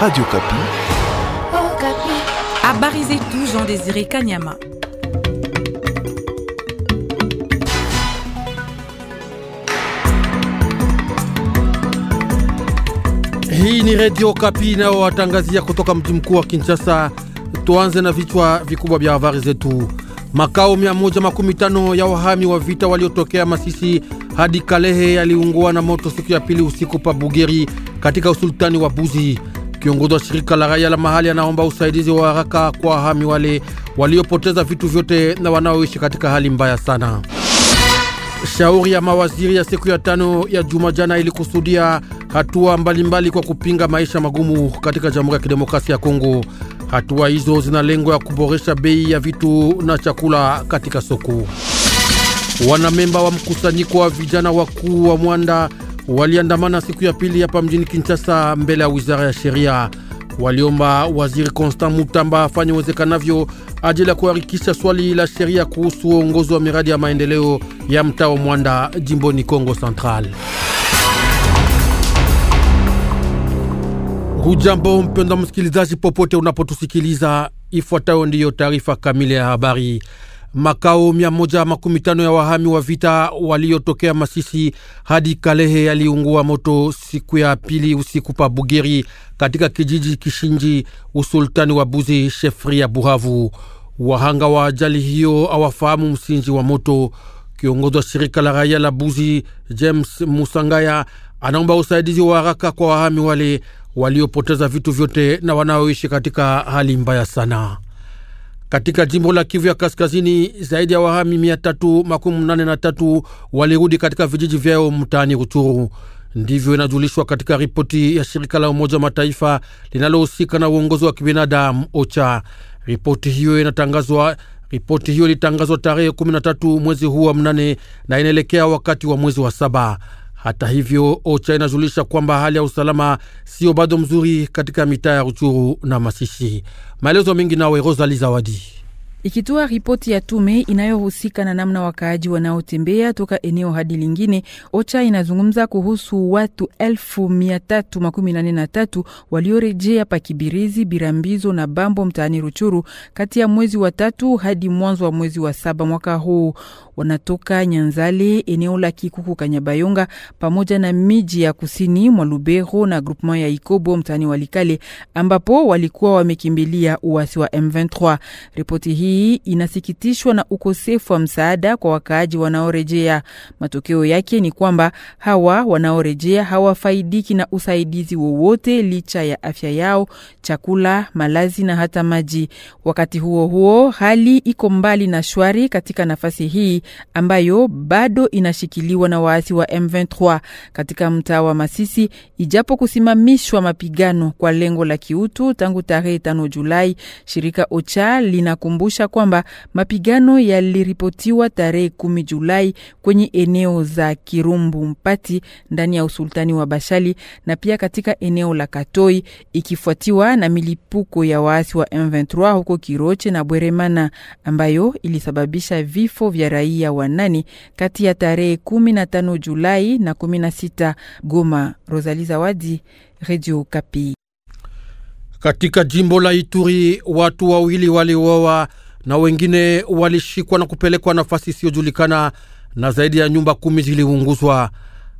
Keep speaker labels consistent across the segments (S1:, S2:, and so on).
S1: Radio Kapi.
S2: Oh, Kapi. Habari zetu Jean-Désiré Kanyama.
S3: Hii ni Radio Kapi nao watangazia kutoka mji mkuu wa Kinshasa. Tuanze na vichwa vikubwa vya habari zetu. Makao 115 ya wahami wa vita waliotokea Masisi hadi Kalehe yaliungua na moto siku ya pili usiku pa Bugeri katika usultani wa Buzi. Kiongozi wa shirika la raia la mahali anaomba usaidizi wa haraka kwa wahami wale waliopoteza vitu vyote na wanaoishi katika hali mbaya sana. Shauri ya mawaziri ya siku ya tano ya juma jana ilikusudia hatua mbalimbali mbali kwa kupinga maisha magumu katika Jamhuri ya Kidemokrasia ya Kongo. Hatua hizo zina lengo ya kuboresha bei ya vitu na chakula katika soko. Wanamemba wa mkusanyiko wa vijana wakuu wa Mwanda waliandamana siku ya pili hapa mjini Kinshasa mbele ya wizara ya sheria. Waliomba waziri Constant Mutamba afanye uwezekanavyo ajili ya kuharikisha swali la sheria kuhusu uongozi wa miradi ya maendeleo ya mtaa wa Mwanda jimboni Kongo Central. Hujambo mpenda msikilizaji, popote unapotusikiliza, ifuatayo ndiyo taarifa kamili ya habari makao mia moja makumi tano ya wahami wa vita waliotokea Masisi hadi Kalehe yaliungua moto siku ya pili usiku pa Bugeri katika kijiji Kishinji, usultani wa Buzi, shefri ya Buhavu. Wahanga wa ajali hiyo hawafahamu msinji wa moto. Kiongozi wa shirika la raia la Buzi, James Musangaya, anaomba usaidizi wa haraka kwa wahami wale waliopoteza vitu vyote na wanaoishi katika hali mbaya sana. Katika jimbo la Kivu ya Kaskazini, zaidi ya wahami mia tatu makumi nane na tatu walirudi katika vijiji vyao mtaani Ruchuru. Ndivyo inajulishwa katika ripoti ya shirika la Umoja wa Mataifa linalohusika na uongozi wa kibinadamu OCHA. Ripoti hiyo inatangazwa ripoti hiyo ilitangazwa tarehe 13 mwezi huu wa mnane na inaelekea wakati wa mwezi wa saba. Hata hivyo, OCHA inajulisha kwamba hali ya usalama sio bado mzuri katika mitaa ya Ruchuru na Masisi. Maelezo mengi nawe Rosali Zawadi
S2: ikitoa ripoti ya tume inayohusika na namna wakaaji wanaotembea toka eneo hadi lingine. OCHA inazungumza kuhusu watu elfu mia tatu makumi nane na tatu waliorejea Pakibirizi, Birambizo na Bambo mtaani Ruchuru kati ya mwezi wa tatu hadi mwanzo wa mwezi wa saba mwaka huu wanatoka Nyanzale, eneo la Kikuku, Kanyabayonga pamoja na miji ya kusini mwa Lubero na groupement ya Ikobo mtaani Walikale, ambapo walikuwa wamekimbilia uasi wa M23. Ripoti hii inasikitishwa na ukosefu wa msaada kwa wakaaji wanaorejea. Matokeo yake ni kwamba hawa wanaorejea hawafaidiki na usaidizi wowote, licha ya afya yao, chakula, malazi na hata maji. Wakati huo huo, hali iko mbali na shwari katika nafasi hii ambayo bado inashikiliwa na waasi wa M23 katika mtaa wa Masisi, ijapo kusimamishwa mapigano kwa lengo la kiutu tangu tarehe 5 Julai. Shirika OCHA linakumbusha kwamba mapigano yaliripotiwa tarehe 10 Julai kwenye eneo za Kirumbu Mpati ndani ya usultani wa Bashali na pia katika eneo la Katoi, ikifuatiwa na milipuko ya waasi wa M23 huko Kiroche na Bweremana ambayo ilisababisha vifo vya raia raia wanani kati ya tarehe 15 Julai na 16 Goma. Rosali Zawadi, Radio Kapi.
S3: Katika jimbo la Ituri watu wawili waliuawa na wengine walishikwa na kupelekwa nafasi isiyojulikana na zaidi ya nyumba kumi ziliunguzwa.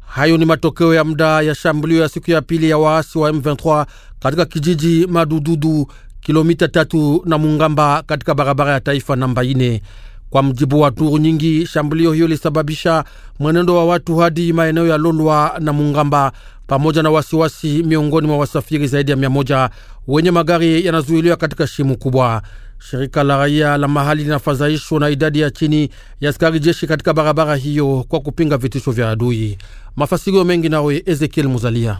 S3: Hayo ni matokeo ya muda ya shambulio ya siku ya pili ya waasi wa M23 katika kijiji Madududu, kilomita tatu na Mungamba katika barabara ya taifa namba ine. Kwa mjibu wa duru nyingi, shambulio hiyo lisababisha mwenendo wa watu hadi maeneo ya Lolwa na Mungamba pamoja na wasiwasi miongoni mwa wasafiri zaidi ya mia moja wenye magari yanazuiliwa katika shimu kubwa. Shirika la raia la mahali linafadhaishwa na idadi ya chini ya askari jeshi katika barabara hiyo kwa kupinga vitisho vya adui. Mafasirio mengi nawe Ezekiel Muzalia.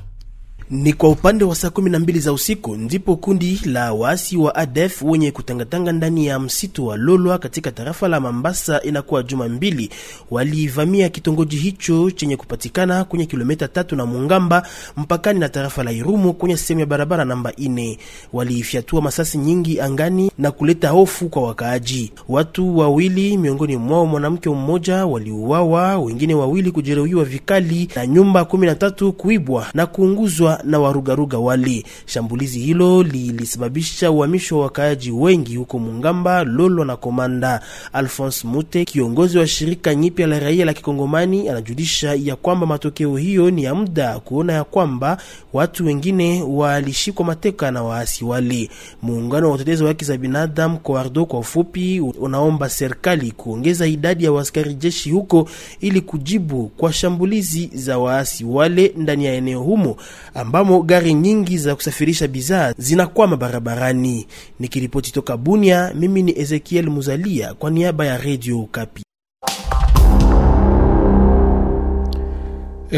S3: Ni kwa upande
S4: wa saa 12 za usiku ndipo kundi la waasi wa ADF wenye kutangatanga ndani ya msitu wa Lolwa katika tarafa la Mambasa, inakuwa juma mbili, walivamia kitongoji hicho chenye kupatikana kwenye kilomita tatu na Mungamba mpakani na tarafa la Irumu kwenye sehemu ya barabara namba ine. Waliifyatua masasi nyingi angani na kuleta hofu kwa wakaaji. Watu wawili, miongoni mwao mwanamke mmoja, waliuawa, wengine wawili kujeruhiwa vikali na nyumba 13 kuibwa na kuunguzwa na warugaruga wale. Shambulizi hilo lilisababisha uhamisho wa wakaaji wengi huko Mungamba, Lolo na Komanda. Alphonse Mute, kiongozi wa shirika nyipya la raia la Kikongomani, anajulisha ya kwamba matokeo hiyo ni ya muda, kuona ya kwamba watu wengine walishikwa mateka na waasi wale. Muungano wa utetezi wa haki za binadamu Koardo kwa ufupi, unaomba serikali kuongeza idadi ya waskari jeshi huko ili kujibu kwa shambulizi za waasi wale ndani ya eneo humo ambamo gari nyingi za kusafirisha bidhaa zinakwama barabarani. Nikiripoti toka Bunia, mimi ni
S3: Ezekiel Muzalia kwa niaba ya Radio Okapi.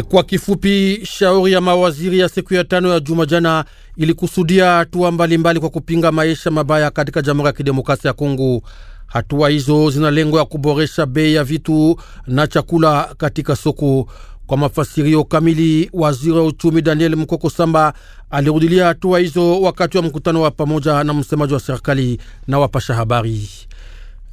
S3: Kwa kifupi, shauri ya mawaziri ya siku ya tano ya juma jana ilikusudia hatua mbalimbali kwa kupinga maisha mabaya katika Jamhuri ya Kidemokrasia ya Kongo. Hatua hizo zina lengo ya kuboresha bei ya vitu na chakula katika soko. Kwa mafasirio kamili, waziri wa uchumi Daniel Mkoko Samba alirudilia hatua hizo wakati wa mkutano wa pamoja na msemaji wa serikali na wapasha habari.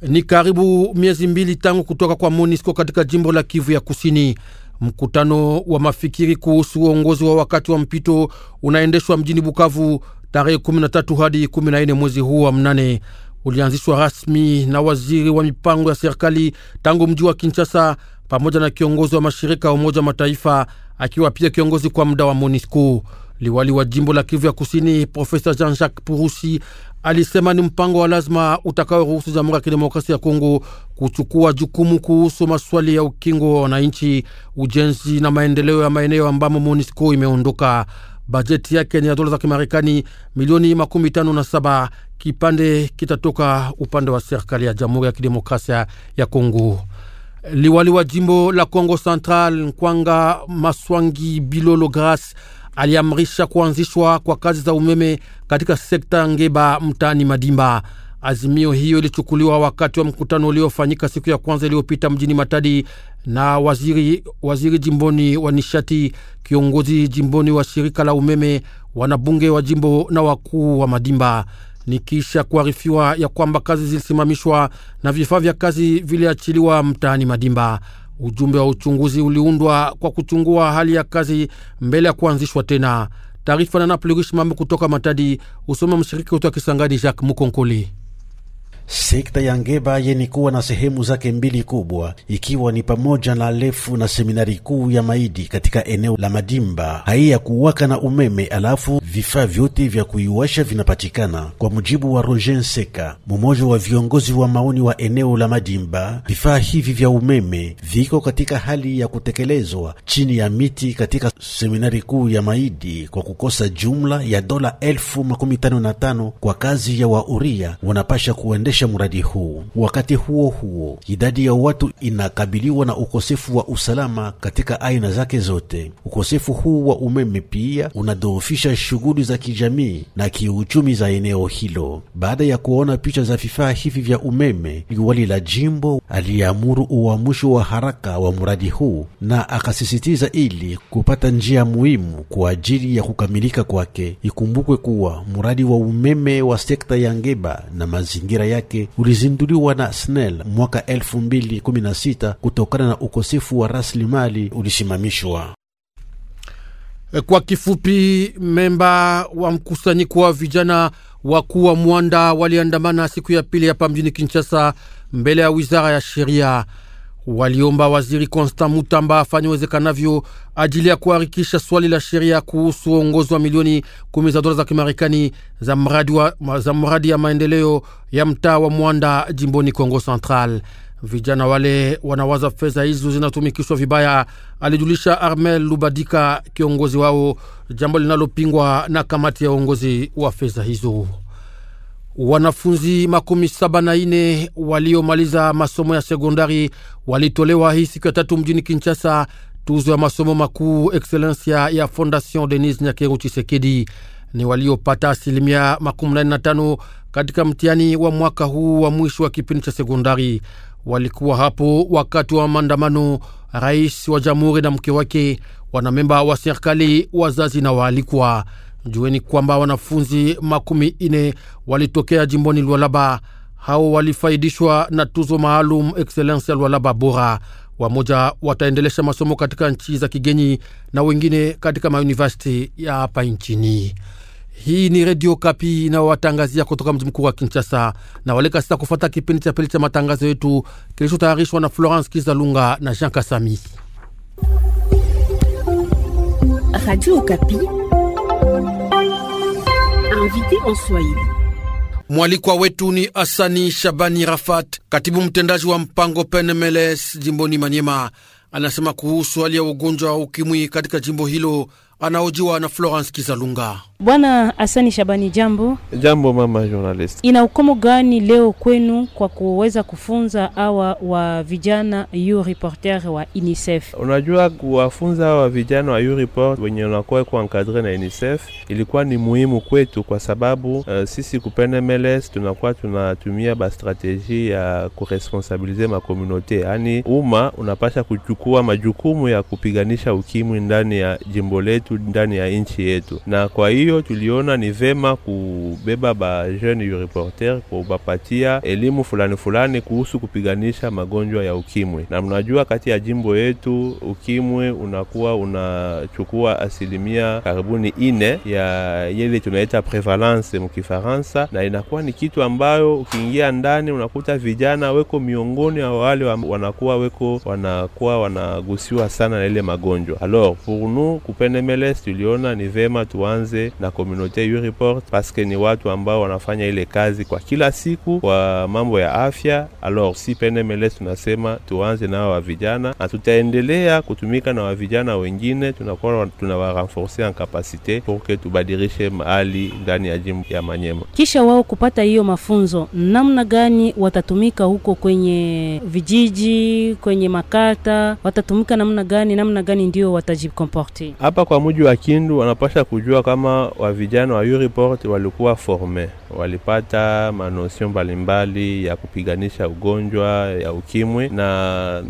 S3: Ni karibu miezi mbili tangu kutoka kwa MONUSCO katika jimbo la Kivu ya Kusini. Mkutano wa mafikiri kuhusu uongozi wa wakati wa mpito unaendeshwa mjini Bukavu tarehe 13 hadi 14 mwezi huu wa mnane. Ulianzishwa rasmi na waziri wa mipango ya serikali tangu mji wa Kinshasa pamoja na kiongozi wa mashirika ya Umoja wa Mataifa akiwa pia kiongozi kwa muda wa MONUSCO. Liwali wa jimbo la Kivu ya Kusini, Profesa Jean Jacques Purusi alisema ni mpango wa lazima utakaoruhusu Jamhuri ya Kidemokrasia ya Kongo kuchukua jukumu kuhusu maswali ya ukingo wa wananchi, ujenzi na maendeleo ya maeneo ambamo MONUSCO imeondoka. Bajeti yake ni ya dola za Kimarekani milioni makumi tano na saba. Kipande kitatoka upande wa serikali ya Jamhuri ya Kidemokrasia ya Kongo. Liwali wa jimbo la Kongo Central Nkwanga Maswangi Bilolo Gras aliamrisha kuanzishwa kwa kazi za umeme katika sekta Ngeba mtaani Madimba. Azimio hiyo ilichukuliwa wakati wa mkutano uliofanyika siku ya kwanza iliyopita mjini Matadi na waziri, waziri jimboni wa nishati, kiongozi jimboni wa shirika la umeme, wanabunge wa jimbo na wakuu wa Madimba ni kisha kuarifiwa ya kwamba kazi zilisimamishwa na vifaa vya kazi viliachiliwa mtaani Madimba. Ujumbe wa uchunguzi uliundwa kwa kuchungua hali ya kazi mbele ya kuanzishwa tena. Taarifa na Naplurish Mambo kutoka Matadi, usome mshiriki wetu wa Kisangani Jacques Mukonkoli. Sekta
S1: ya Ngeba yeni kuwa na sehemu zake mbili kubwa, ikiwa ni pamoja na lefu na seminari kuu ya Maidi katika eneo la Madimba hai ya kuwaka na umeme, alafu vifaa vyote vya kuiwasha vinapatikana. Kwa mujibu wa Roger Seka, mmoja wa viongozi wa maoni wa eneo la Madimba, vifaa hivi vya umeme viko katika hali ya kutekelezwa chini ya miti katika seminari kuu ya Maidi kwa kukosa jumla ya dola elfu makumi tano na tano kwa kazi ya wauria wanapasha kuende kuboresha mradi huu. Wakati huo huo, idadi ya watu inakabiliwa na ukosefu wa usalama katika aina zake zote. Ukosefu huu wa umeme pia unadhoofisha shughuli za kijamii na kiuchumi za eneo hilo. Baada ya kuona picha za vifaa hivi vya umeme, liwali la jimbo aliamuru uamusho wa haraka wa mradi huu na akasisitiza ili kupata njia muhimu kwa ajili ya kukamilika kwake. Ikumbukwe kuwa mradi wa umeme wa sekta ya Ngeba na mazingira yake yake ulizinduliwa na SNEL mwaka elfu kutokana na ukosefu wa rasilimali ulisimamishwa.
S3: E, kwa kifupi, memba wa mkusanyiko wa vijana wakuu wa Mwanda waliandamana siku ya pili hapa mjini Kinshasa mbele ya wizara ya sheria. Waliomba waziri Constant Mutamba afanye uwezekanavyo ajili ya kuharikisha swali la sheria kuhusu uongozi wa milioni kumi za dola za Kimarekani za mradi ya maendeleo ya mtaa wa Mwanda jimboni congo Central. Vijana wale wanawaza fedha hizo zinatumikishwa vibaya, alijulisha Armel Lubadika, kiongozi wao, jambo linalopingwa na kamati ya uongozi wa fedha hizo. Wanafunzi makumi saba na ine waliomaliza masomo ya sekondari walitolewa hii siku ya tatu mjini Kinshasa tuzo ya masomo makuu excellencia ya Fondation Denis Nyakeru Chisekedi. Ni waliopata asilimia makumi nane na tano katika mtihani wa mwaka huu wa mwisho wa kipindi cha sekondari. Walikuwa hapo wakati wa maandamano, rais wa jamhuri na mke wake, wanamemba wa serikali, wazazi na waalikwa. Jueni kwamba wanafunzi makumi ine walitokea jimboni Lualaba. Hao walifaidishwa na tuzo maalum Excellence ya Lualaba bora. Wamoja wataendelesha masomo katika nchi za kigeni na wengine katika mauniversiti ya hapa nchini. Hii ni Redio Kapi inayowatangazia kutoka mji mkuu wa Kinshasa na waleka sasa kufata kipindi cha pili cha matangazo yetu kilichotayarishwa na Florence Kizalunga na Jean Kasami,
S2: Radio Kapi invité en Swahili.
S3: Mwalikwa wetu ni Asani Shabani Rafat, katibu mtendaji wa mpango PNMLS jimboni Manyema. Anasema kuhusu hali ya ugonjwa wa ukimwi katika jimbo hilo, anaojiwa na Florence Kizalunga.
S5: Bwana Hasani Shabani, jambo.
S6: Jambo mama journalist.
S5: Ina ukomo gani leo kwenu kwa kuweza kufunza hawa wa vijana yu reporter wa UNICEF?
S6: Unajua, kuwafunza hawa vijana wa yu report wenye unakuwa kuankadre na UNICEF ilikuwa ni muhimu kwetu kwa sababu uh, sisi kupene MLS tunakuwa tunatumia bastrateji ya kuresponsabilize makomunote, yaani umma unapasha kuchukua majukumu ya kupiganisha ukimwi ndani ya jimbo letu, ndani ya nchi yetu, na kwa hiyo hiyo tuliona ni vema kubeba ba jeune reporter kubapatia elimu fulani fulani kuhusu kupiganisha magonjwa ya ukimwi. Na mnajua kati ya jimbo yetu ukimwi unakuwa unachukua asilimia karibuni ine ya yele tunaita prevalence mkifaransa, na inakuwa ni kitu ambayo ukiingia ndani unakuta vijana weko miongoni ya wale wanakuwa weko wanakuwa wanagusiwa sana na ile magonjwa. Alors pour nous kupenemeles tuliona ni vema tuanze na komunote Ureport paske ni watu ambao wanafanya ile kazi kwa kila siku kwa mambo ya afya. Alors si PNML tunasema tuanze nao wa vijana, na tutaendelea kutumika na wavijana wengine, tunakuwa tunawarenforce en kapasite porke tubadirishe mahali ndani ya jimbo ya Manyema.
S5: Kisha wao kupata hiyo mafunzo, namna gani watatumika huko kwenye vijiji, kwenye makata, watatumika namna gani, namna gani ndio watajikomporte
S6: hapa kwa muji wa Kindu, wanapasha kujua kama lazima wa vijana wa report walikuwa formé walipata manosio mbalimbali ya kupiganisha ugonjwa ya ukimwi, na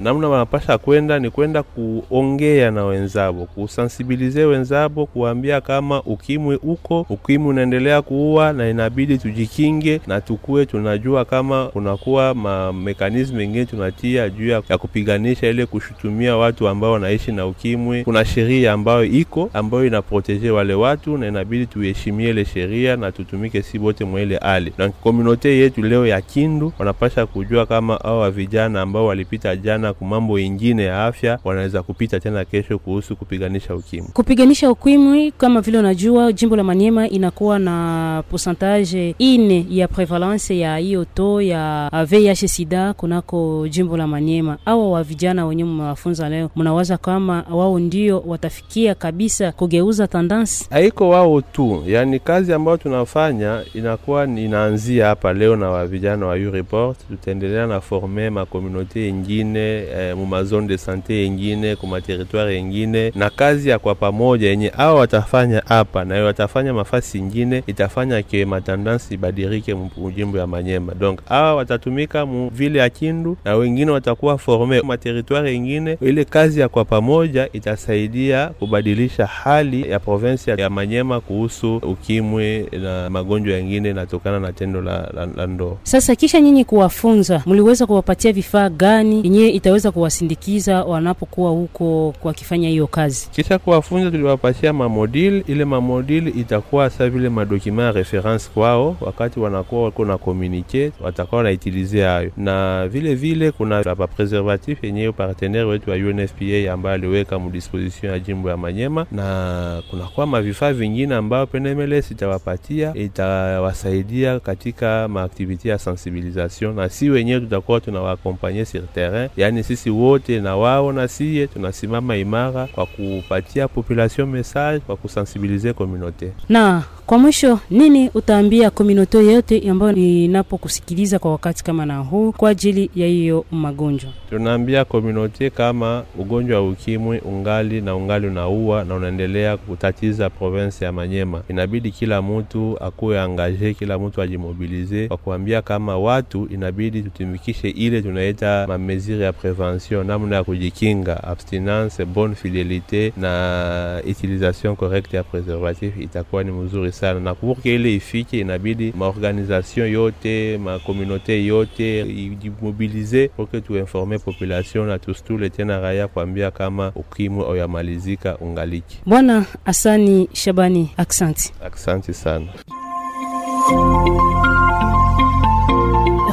S6: namna wanapasha kwenda ni kwenda kuongea na wenzabo, kusansibilize wenzabo, kuambia kama ukimwi uko, ukimwi unaendelea kuua na inabidi tujikinge na tukuwe tunajua kama kunakuwa mamekanismu mengine tunatia juu ya kupiganisha ile kushutumia watu ambao wanaishi na ukimwi. Kuna sheria ambayo iko ambayo inaproteje wale watu, na inabidi tuheshimie ile sheria na tutumike si bote mweile ali na komunote yetu leo ya Kindu wanapasha kujua kama hawa vijana ambao walipita jana mambo ingine ya afya wanaweza kupita tena kesho kuhusu kupiganisha ukimwi.
S5: Kupiganisha ukimwi kama vile unajua, jimbo la Maniema inakuwa na pourcentage ine ya prevalence ya hiyo to ya VIH sida kunako jimbo la Maniema. awa wa vijana wenye mnawafunza leo, mnawaza kama wao ndio watafikia kabisa kugeuza tendansi?
S6: Haiko wao tu, yani kazi ambayo tunafanya ina itakuwa inaanzia hapa leo na vijana wa Ureport. Tutaendelea na forme makomunote yengine eh, mumazone de sante yengine kumateritware yengine, na kazi ya kwa pamoja yenye awa watafanya hapa nayo watafanya mafasi ingine, itafanya ke matandansi ibadirike mujimbo ya Manyema. Donc awa watatumika mu vile ya Kindu na wengine watakuwa forme materitware yengine. Ile kazi ya kwa pamoja itasaidia kubadilisha hali ya provinsi ya Manyema kuhusu ukimwi na magonjwa yengine inatokana na tendo la, la, la ndoa.
S5: Sasa kisha nyinyi kuwafunza, mliweza kuwapatia vifaa gani yenyewe itaweza kuwasindikiza wanapokuwa huko wakifanya hiyo kazi?
S6: Kisha kuwafunza, tuliwapatia mamodili. Ile mamodili itakuwa sa vile madokima ya reference kwao, wakati wanakuwa wako na komunike, watakuwa wanaitilizia hayo, na vile vile kuna papa preservatif yenyewe partenere wetu wa UNFPA ambayo aliweka mudisposition ya jimbo ya Manyema, na kunakuwa mavifaa vingine ambayo PNMLS itawapatia itawa kuwasaidia katika maaktiviti ya sensibilisation, na si wenyewe tutakuwa tunawaakompanye sur terrain, yaani sisi wote na wao na siye tunasimama imara kwa kupatia population message, kwa kusensibilize komunote.
S5: Na kwa mwisho, nini utaambia komunote yote ambayo inapokusikiliza kwa wakati kama na huu kwa ajili ya hiyo magonjwa?
S6: Tunaambia komunote kama ugonjwa wa ukimwi ungali na ungali unaua na unaendelea kutatiza province ya Manyema, inabidi kila mtu akuwe angaje tunawasehe kila mtu ajimobilize kwa kuambia kama watu inabidi tutumikishe ile tunaita mamesire ya prevention, namna ya kujikinga, abstinence, bonne fidelite na utilisation correcte ya preservatif itakuwa ni mzuri sana, na kurke ile ifike, inabidi maorganization yote makomunauté yote ijimobilize porke tuinforme population na tustule tena raia kuambia kama ukimwi oyamalizika ungaliki.
S5: Bwana Asani Shabani, aksanti,
S6: aksanti
S2: sana.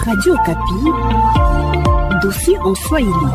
S2: Radio Kapi, dosi en Swahili.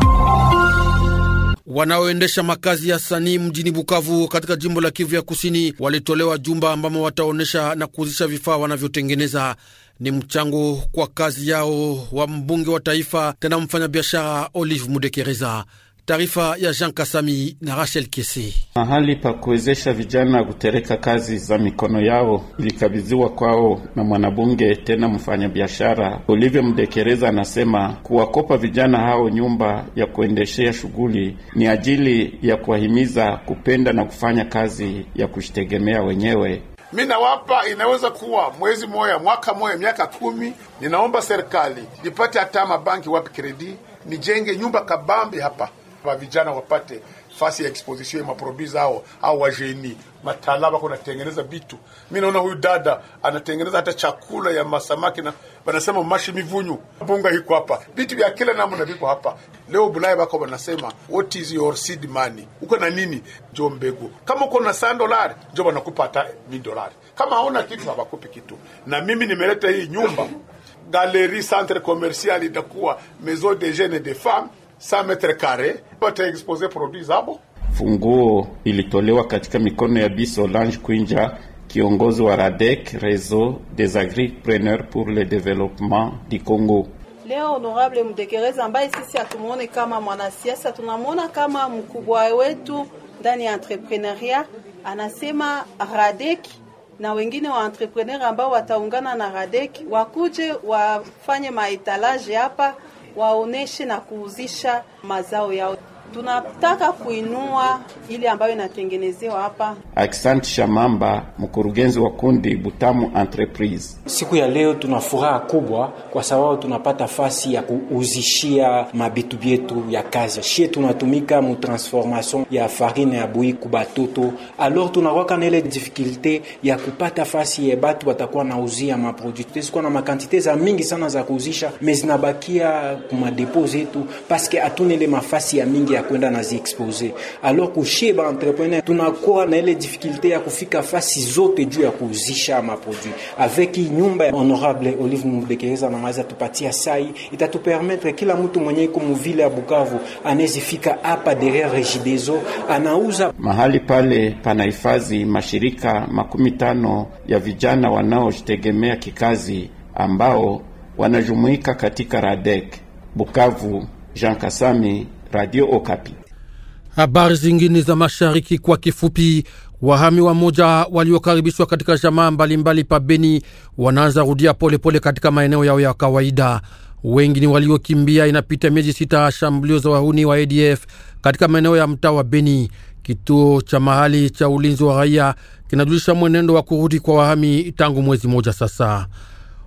S3: Wanaoendesha makazi ya sanii mjini Bukavu katika jimbo la Kivu ya Kusini walitolewa jumba ambamo wataonyesha na kuuzisha vifaa wanavyotengeneza. Ni mchango kwa kazi yao wa mbunge wa taifa tena mfanyabiashara Olive Mudekereza. Taarifa ya Jean Kasami na Rachel Kesi.
S7: Mahali pa kuwezesha vijana kutereka kazi za mikono yao ilikabidhiwa kwao na mwanabunge tena mfanyabiashara Olivia Mdekereza. Anasema kuwakopa vijana hao nyumba ya kuendeshea shughuli ni ajili ya kuwahimiza kupenda na kufanya kazi ya kujitegemea wenyewe. Mi nawapa, inaweza kuwa mwezi moya, mwaka moya, miaka kumi. Ninaomba serikali nipate hata mabanki wapi kredi nijenge nyumba kabambi hapa kwa vijana wapate fasi ya exposition ya maproducer zao au wajeni mataalamu wako natengeneza vitu. Mimi naona huyu dada anatengeneza hata chakula ya masamaki na wanasema mashi mivunyu mpunga hiko hapa, vitu vya kila namna viko hapa. Leo Bulaye wako wanasema what is your seed money, uko na nini? Njo mbegu. Kama uko na san dolari, njo wanakupa hata mia dolari. Kama hauna kitu, hawakupi kitu. Na mimi nimeleta hii nyumba Galerie Centre Commercial, itakuwa maison de jeunes et de femmes 100 metre kare wataexpose produit zabo. Funguo ilitolewa katika mikono ya biso lange Kwinja, kiongozi wa Radek reseau des Agripreneurs pour le Développement du Congo.
S2: Leo Honorable Mdekereza, ambaye sisi hatumwone kama mwanasiasa, tunamwona kama mkubwa wetu ndani ya entrepreneuria, anasema radek na wengine wa entrepreneur ambao wataungana na radek wakuje wafanye maetalage hapa waoneshe na kuuzisha mazao yao tunataka kuinua ile ambayo inatengenezewa hapa.
S7: Aksanti Shamamba, mkurugenzi wa kundi Butamu Entreprise. Siku ya leo tuna furaha kubwa kwa sababu tunapata fasi ya kuuzishia mabitu byetu ya kazi shie, tunatumika mu transformation ya farine ya bui ku batoto, alors tunawaka na ile difficulté ya kupata fasi ya batu watakuwa nauzia maproduit tezikuwa na makantite za mingi sana za kuuzisha, me zinabakia kumadepo zetu paske atunele mafasi ya mingi ya kwenda na ziexpose. Alors kushie ba entrepreneur tunakuwa na ile difficulty ya kufika fasi zote juu ya kuuzisha maprodui. Avec nyumba ya honorable Olive Mubekeza na maza tupatia sai itatupermettre kila mtu mwenye iko muvile ya Bukavu fika hapa derrière Regideso anauza mahali pale panahifadhi mashirika makumi tano ya vijana wanaojitegemea kikazi ambao wanajumuika katika Radek Bukavu. Jean Kasami, Radio Okapi.
S3: Habari zingine za mashariki kwa kifupi. Wahami wa moja waliokaribishwa katika jamaa mbalimbali pa Beni wanaanza rudia polepole katika maeneo yao ya kawaida. Wengi ni waliokimbia inapita miezi sita shambulio za wahuni wa ADF katika maeneo ya mtaa wa Beni. Kituo cha mahali cha ulinzi wa raia kinajulisha mwenendo wa kurudi kwa wahami tangu mwezi moja sasa.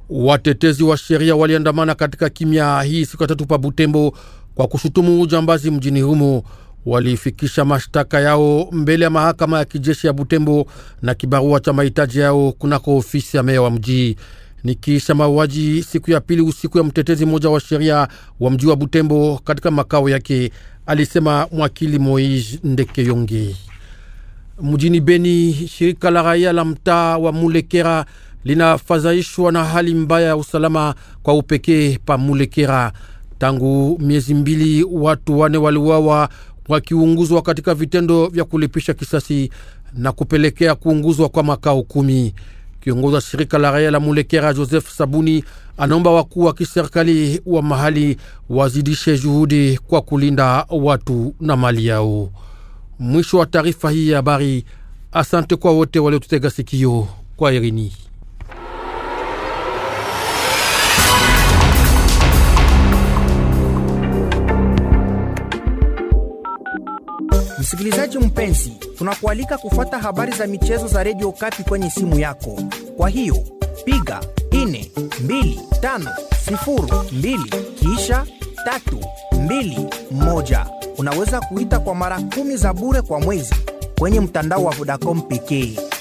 S3: Watetezi wa sheria waliandamana katika kimya hii siku ya tatu pa Butembo kwa kushutumu ujambazi mjini humo walifikisha mashtaka yao mbele ya mahakama ya kijeshi ya Butembo na kibarua cha mahitaji yao kunako ofisi ya meya wa mji. Nikiisha mauaji siku ya pili usiku ya mtetezi mmoja wa sheria wa mji wa Butembo katika makao yake, alisema mwakili Moise Yonge. Mjini Beni, shirika la raia la mtaa wa Mulekera linafadhaishwa na hali mbaya ya usalama kwa upekee pa Mulekera. Tangu miezi mbili watu wane waliuawa wakiunguzwa katika vitendo vya kulipisha kisasi na kupelekea kuunguzwa kwa makao kumi. Kiongozi wa shirika la raia la Mulekera, Joseph Sabuni, anaomba wakuu wa kiserikali wa mahali wazidishe juhudi kwa kulinda watu na mali yao. Mwisho wa taarifa hii ya habari. Asante kwa wote waliotutega sikio kwa Irini.
S4: Msikilizaji mpenzi, tunakualika kufuata habari za michezo za redio Kapi kwenye simu yako. Kwa hiyo piga ine kisha 321 Unaweza kuita kwa mara kumi za bure kwa mwezi kwenye mtandao wa Vodacom pekee.